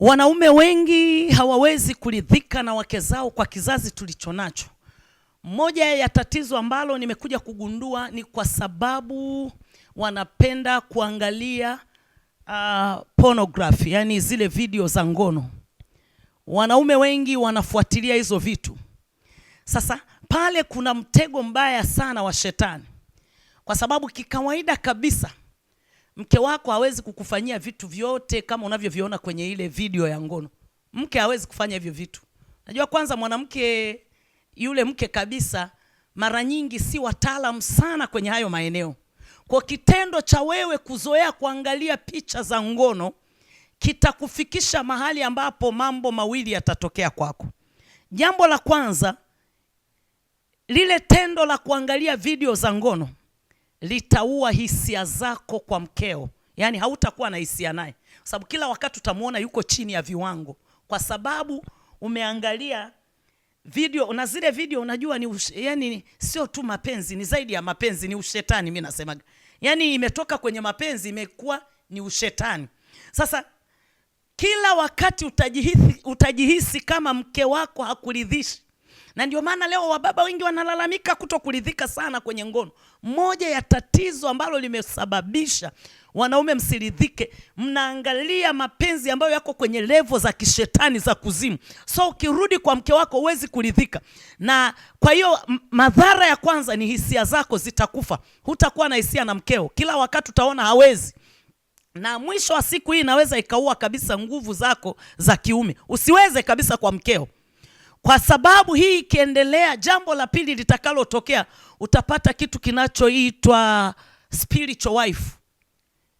Wanaume wengi hawawezi kuridhika na wake zao kwa kizazi tulicho nacho. Moja ya tatizo ambalo nimekuja kugundua ni kwa sababu wanapenda kuangalia uh, pornography, yani zile video za ngono. Wanaume wengi wanafuatilia hizo vitu. Sasa pale kuna mtego mbaya sana wa shetani, kwa sababu kikawaida kabisa Mke wako hawezi kukufanyia vitu vyote kama unavyoviona kwenye ile video ya ngono. Mke hawezi kufanya hivyo vitu. Najua kwanza mwanamke yule mke kabisa mara nyingi si wataalamu sana kwenye hayo maeneo. Kwa kitendo cha wewe kuzoea kuangalia picha za ngono kitakufikisha mahali ambapo mambo mawili yatatokea kwako. Jambo la kwanza, lile tendo la kuangalia video za ngono litaua hisia zako kwa mkeo, yaani hautakuwa na hisia naye, sababu kila wakati utamwona yuko chini ya viwango, kwa sababu umeangalia video na zile video unajua ni yani, sio tu mapenzi, ni zaidi ya mapenzi, ni ushetani. Mimi nasema yani, imetoka kwenye mapenzi imekuwa ni ushetani. Sasa kila wakati utajihisi, utajihisi kama mke wako hakuridhishi, na ndio maana leo wababa wengi wanalalamika kuto kuridhika sana kwenye ngono. Moja ya tatizo ambalo limesababisha wanaume msiridhike, mnaangalia mapenzi ambayo yako kwenye levo za kishetani za kuzimu. So ukirudi kwa mke wako huwezi kuridhika, na kwa hiyo madhara ya kwanza ni hisia zako zitakufa. Hutakuwa na hisia na mkeo, kila wakati utaona hawezi na mwisho wa siku hii inaweza ikaua kabisa nguvu zako za kiume, usiweze kabisa kwa mkeo. Kwa sababu hii ikiendelea, jambo la pili litakalotokea, utapata kitu kinachoitwa spiritual wife,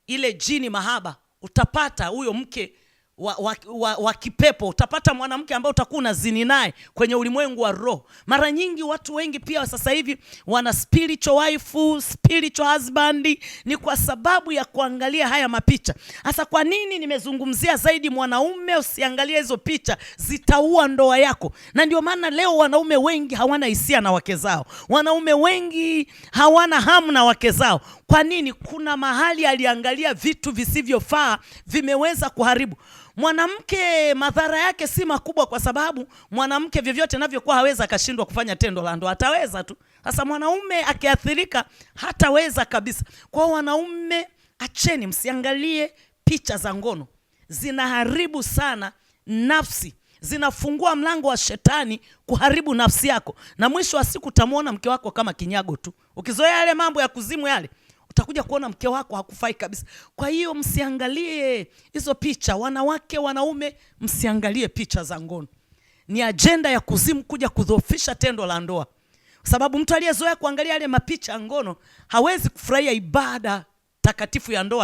ile jini mahaba. Utapata huyo mke wa, wa, wa, wa kipepo. Utapata mwanamke ambaye utakuwa unazini naye kwenye ulimwengu wa roho. Mara nyingi watu wengi pia sasa hivi wana spiritual wife, spiritual husband, ni kwa sababu ya kuangalia haya mapicha. Sasa kwa nini nimezungumzia zaidi mwanaume? Usiangalie hizo picha, zitaua ndoa yako. Na ndio maana leo wanaume wengi hawana hisia na wake zao, wanaume wengi hawana hamu na wake zao. Kwa nini? Kuna mahali aliangalia vitu visivyofaa, vimeweza kuharibu Mwanamke madhara yake si makubwa, kwa sababu mwanamke vyovyote navyokuwa hawezi akashindwa kufanya tendo la ndoa, ataweza tu. Sasa mwanaume akiathirika, hataweza kabisa. Kwa wanaume, acheni, msiangalie picha za ngono, zinaharibu sana nafsi, zinafungua mlango wa shetani kuharibu nafsi yako, na mwisho wa siku utamwona mke wako kama kinyago tu, ukizoea yale mambo ya kuzimu yale utakuja kuona mke wako hakufai kabisa. Kwa hiyo msiangalie hizo picha, wanawake, wanaume, msiangalie picha za ngono. Ni ajenda ya kuzimu kuja kudhoofisha tendo la ndoa, sababu mtu aliyezoea kuangalia yale mapicha ya ngono hawezi kufurahia ibada takatifu ya ndoa.